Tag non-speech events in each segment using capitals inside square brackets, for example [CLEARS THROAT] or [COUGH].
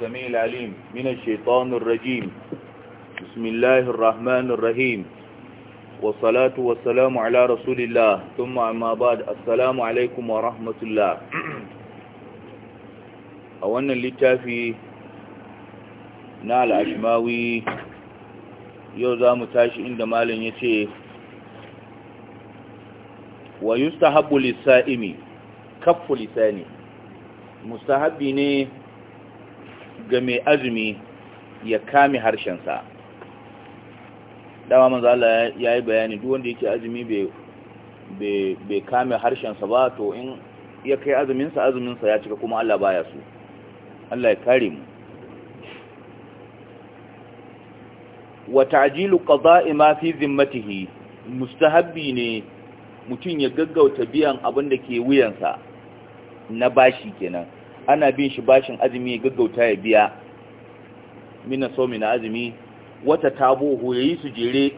السميع العليم من الشيطان الرجيم بسم الله الرحمن الرحيم والصلاة والسلام على رسول الله ثم أما بعد السلام عليكم ورحمة الله أولا للتافي نال أشماوي يوزا متاشي عندما لن يتيه ويستحب للسائم كف لساني mustahabi ne ga mai azumi ya kame harshensa dama manzo Allah ya yi bayani duk wanda yake azumi bai kame harshensa ba to in ya kai azuminsa azuminsa ya cika kuma Allah baya su Allah ya kare mu wa ta'jilu qada'i ma fi zimmatihi mustahabbi ne mutum ya gaggauta biyan abin da ke wuyansa na bashi kenan ana bin shi bashin azumi gaggauta ya biya mina so mina azumi wata tabo ya yi su jere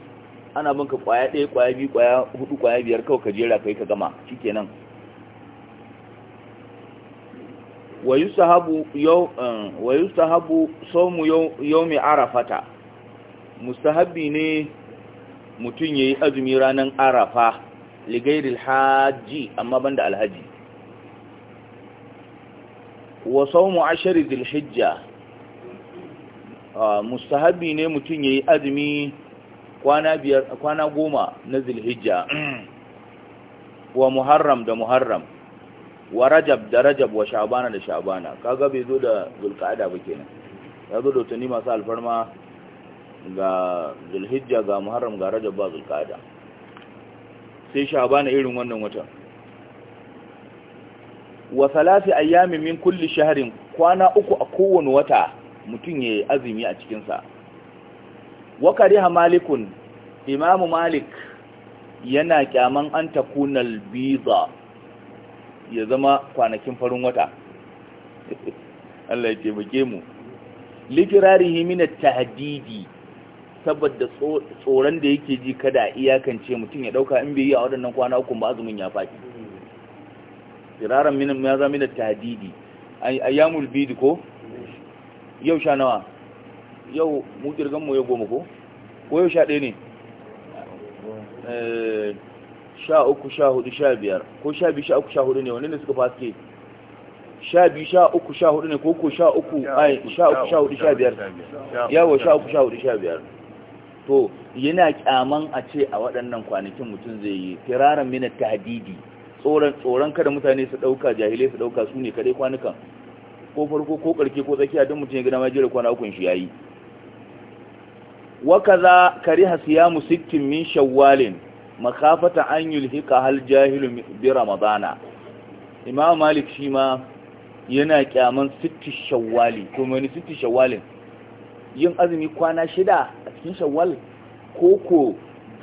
ana binka kwaya ɗaya kwaya biyu kwaya hudu kwaya biyar kawai ka jera kai ka gama shikenan wa yusahabu yau eh, wa yusahabu sawmu yawmi arafata mustahabbi ne mutun yayi azumi ranan arafa ligairil haji amma banda alhaji wa saumu ashari hijja, ah, mustahabi ne mutum yayi azumi kwana biyar kwana goma na hijja, [CLEARS THROAT] wa muharram da muharram wa rajab da rajab wa shabana da shabana kaga bai zo da zulqa'ada ba kenan ya zo da tuni masu alfarma ga zulhijja ga muharram ga rajab ba zulqa'ada sai shabana irin wannan watan wa salasi ayyamin min kulli shahrin kwana uku a kowane wata mutum ya azumi a cikinsa wa kariha malikun Imam malik yana kyaman an takunal biza ya zama kwanakin farin wata [LAUGHS] Allah ya taimake mu likirarihi min at-tahdidi saboda tsoron da yake ji kada iyakance mutum ya dauka in bai yi a waɗannan kwana uku ba azumin ya faɗi firaran minin ya zama da tadidi ayyamul bidi ko yau sha nawa yau mu kirgan mu ya goma ko ko yau sha ɗaya ne eh, sha uku sha hudu sha biyar ko sha biyu sha uku sha hudu ne wani ne suka faske sha biyu sha uku sha hudu ne ko ko sha uku ai sha uku sha hudu sha biyar yawo sha uku sha hudu sha biyar to yana kyaman a ce a waɗannan kwanakin mutum zai yi firaran mina tahdidi tsoron kada mutane su ɗauka jahilai su ɗauka su ne kadai kwanukan ko farko ko ƙarke ko tsakiya don mutum ya gina majiyar kwana ukun shi za wakaza kariha siyamu sittin min shawwalin makafata an yulhika hal jahilu bi ramadana imam malik shi ma yana kyaman sitti shawali, ko mani sitti shawwalin yin azumi kwana shida a cikin shawwal koko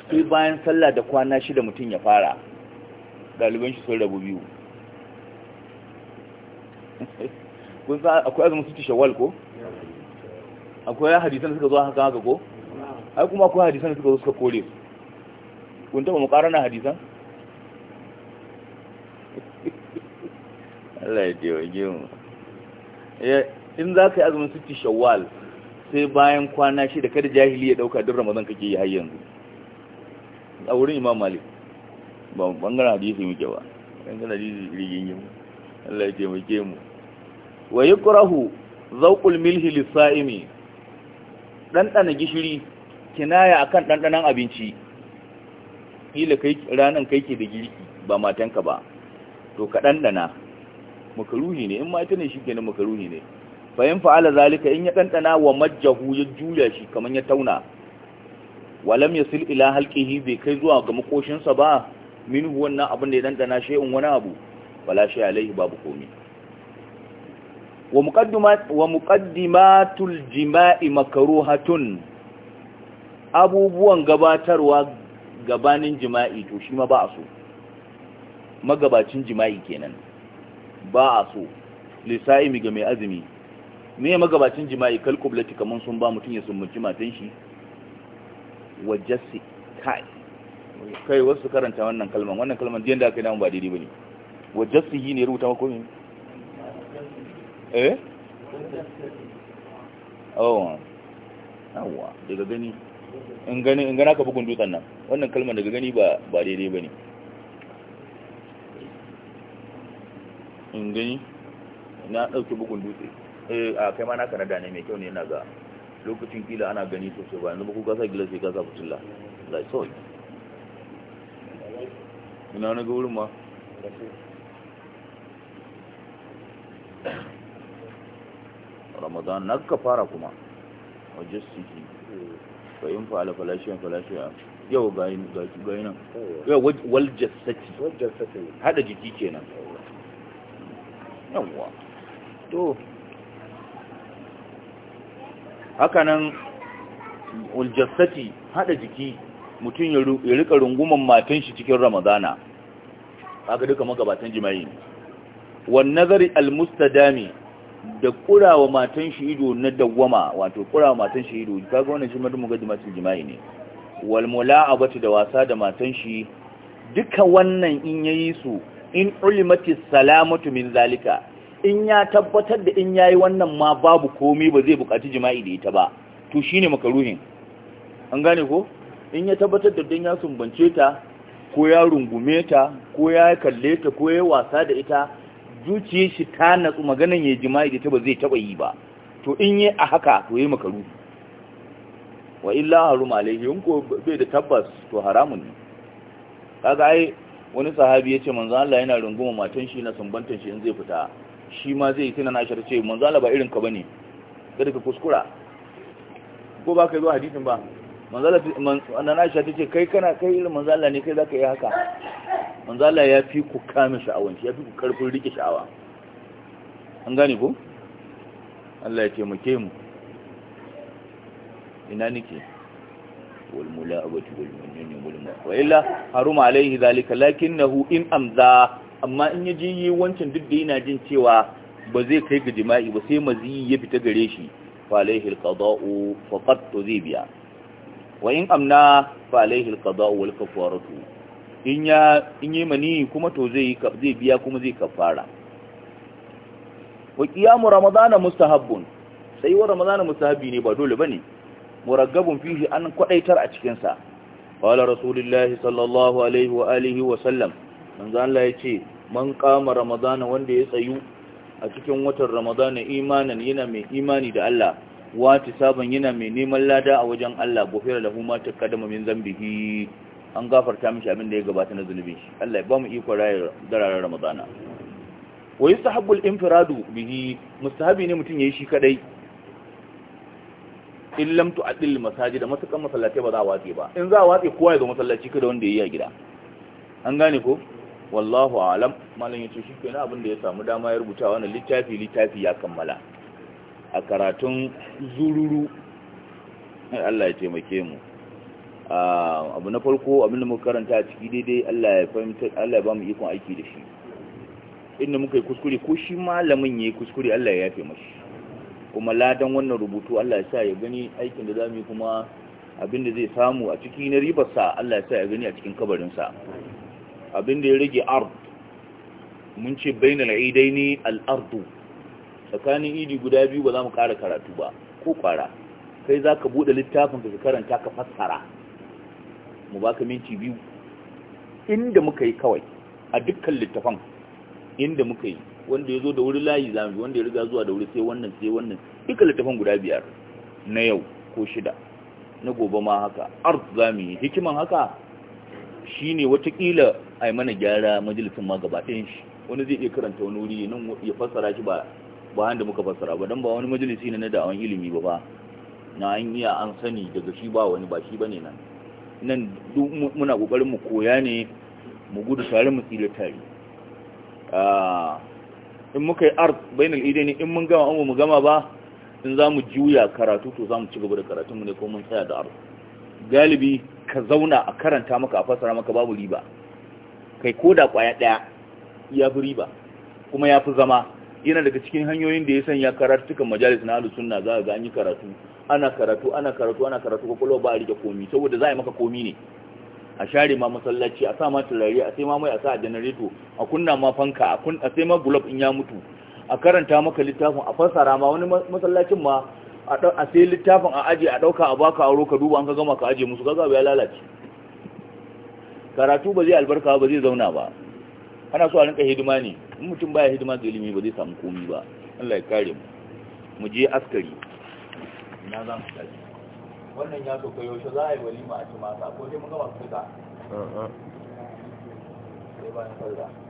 sai bayan sallah da kwana shida mutum ya fara ɗaliban shi sun rabu biyu kun sa akwai azumin su shawwal ko akwai hadisan suka zo haka haka ko ai kuma akwai hadisan suka zo suka kore su kun taba na hadisan [LAUGHS] Allah ya taimake mu in za ka yi azumin sitti shawwal sai bayan kwana shi da kada jahili ya dauka duk ramadan kake yi har yanzu a wurin imam malik ba bangaren hadisi muke ba bangaren hadisi yi Allah ya taimake mu wa yukrahu zawqul milhi lis-sa'imi dandana gishiri kinaya akan danan abinci kila kai ranan kai ke da girki ba matanka ba to ka dandana makaruhi ne in mata ne shi kenan makaruhi ne fa yin fa'ala zalika in ya dandana wa majjahu ya juya shi kaman ya tauna walam yasil ila halqihi bai kai zuwa ga sa ba minhu wannan abin da ya na shay'un wani abu wala shi alaihi babu komi wa muqaddimat wa muqaddimatul jima'i makruhatun abubuwan gabatarwa gabanin jima'i to shi ma ba a so magabacin jima'i kenan ba a so lisa'imi ga mai azumi me magabacin jima'i kalkublati kaman sun ba mutun ya summunci matan shi wajassi kai kai wasu su karanta wannan kalman wannan kalman jiyan da aka yi namun ba daidai ba ne wajen su yi ne rubuta makomi eh oh awa daga gani in gana ka bugun dutsen nan wannan kalman daga gani ba ba daidai ba ne in gani na ɗauki bugun dutse eh a kai ma na kanada ne mai kyau ne yana ga lokacin kila ana gani sosai ba yanzu ba ku kasa gilasai kasa fitilla like so ina na ga wurin ma ramadan na ka fara kuma wajen siki bayan fa'ala falashiyan falashiyan yau gayi nan yau waljassati hada jiki kenan yawwa to haka nan waljassati hada jiki mutum ya rika runguman matan shi cikin ramadana haka duka magabatan jima'i ne nazari nazari mustadami da kurawa matan shi ido na dawwama wato kurawa matan shi ido kaga wannan shi madu mugaddimacin jima'i ne wal mula'abati da wasa da matan shi duka wannan in yayi su in ulimati salamatu min zalika in ya tabbatar da in yayi wannan ma babu komai ba zai bukaci jima'i da ita ba to shine makaruhin an gane ko in ya tabbatar da dan ya sumbance ta ko ya rungume ta ko ya kalle ta ko ya wasa da ita zuciye shi ta natsu maganan ya jima'i da ta ba zai taba yi ba to in yi a haka to yi makaru wa illa harum alaihi in ko bai da tabbas to haramun ne kaga ai wani sahabi yace manzo Allah yana runguma matan shi na sumbantar shi in zai fita shi ma zai tana na shirce manzo Allah ba irin ka bane kada ka kuskura ko ba ka zo hadisin ba manzala wannan Aisha tace kai kana kai irin manzala ne kai zaka yi haka manzala ya fi ku kame sha'awan ya fi ku karfin rike sha'awa an gane ko Allah ya taimake mu ina nake wal mula'abati wal munni wal wa illa haruma alaihi zalika lakinnahu in amza amma in yaji yi wancan duk da yana jin cewa ba zai kai ga jima'i ba sai mazi ya fita gare shi fa alaihi alqada'u faqad tuzibiya wa in amna fa alaihi alqada'u wal kafaratu in ya in yi mani kuma to zai zai biya kuma zai kafara wa qiyamu ramadana mustahabbun sai wa ramadana mustahabi ne ba dole bane muraggabun fihi an kwadaitar a cikin sa qala rasulullahi sallallahu alaihi wa alihi wa sallam manzo Allah ce man qama ramadana wanda ya tsayu a cikin watan ramadana imanan yana mai imani da Allah wata saban yana mai neman lada a wajen Allah gofiyar da huma ta kadama min zambihi an gafarta mishi abin da ya gabata na zunubin shi Allah ya ba mu iko rayar dararar ramadana wa yustahabbu al-infiradu bihi mustahabi ne mutum yayi shi kadai in lam tu'addil da matakan masallaci ba za a watsi ba in za a watsi kowa ya zo masallaci kada wanda yayi a gida an gane ko wallahu a'lam malam yace shi kenan abin da ya samu dama ya rubuta wannan littafi littafi ya kammala a karatun zururu Allah ya taimake mu abu na farko abinda muka karanta a ciki daidai Allah ya fahimta Allah ya ba mu ikon aiki da shi inda muka yi kuskure ko shi malamin ya yi kuskure Allah ya yafe mashi kuma ladan wannan rubutu Allah ya sa ya gani aikin da zamu yi kuma abinda zai samu a ciki na ribarsa Allah ya sa ya gani a cikin kabarinsa abinda ya rage ard mun ce bainal aidaini al-ardu tsakanin idi guda biyu ba za mu ƙara karatu ba ko ƙwara kai za ka buɗe littafin ka karanta ka fassara mu baka minti biyu inda muka yi kawai a dukkan littafan inda muka yi wanda ya zo da wuri layi zamu wanda ya riga zuwa da wuri sai wannan sai wannan Dukkan littafan guda biyar na yau ko shida na gobe ma haka art zamu yi hikiman haka shine watakila a yi mana gyara majalisun ma gaba ɗayan shi wani zai iya karanta wani wuri nan ya fassara shi ba bayan da muka fassara ba don ba wani majalisi ne na da'awan ilimi ba ba na an iya an sani daga shi ba wani ba shi ne nan nan duk muna kokarin mu koya ne mu gudu tare mu tsira tare ah, in muka yi art bainal ne in mun gama an mu gama ba in za mu juya karatu to za mu ci gaba da karatun mu ne ko mun tsaya da art galibi ka zauna a karanta maka a fassara maka babu riba kai koda kwaya daya ya fi riba kuma ya fi zama yana daga cikin hanyoyin da ya sanya karatukan majalis na ahlus sunna za ga an yi karatu ana karatu ana karatu ana karatu kwakwalwa ba a rike komi saboda za a yi maka komi ne a share ma masallaci a sa ma turare a sai ma mai a sa a janareto a kunna ma fanka a sai ma gulab in ya mutu a karanta maka littafin a fassara ma wani masallacin ma a sai littafin a aje a ɗauka a baka aro ka duba an ka gama ka aje musu kaga ya lalace karatu ba zai albarka ba zai zauna ba ana so a rinka hidima ne in mutum ya hidima ga ilimi ba zai samu komi ba Allah ya kare mu mu je askari ina za mu tafi wannan ya so kayo shi za a yi walima a ci masa ko dai mun ga masu fita sai bayan sallah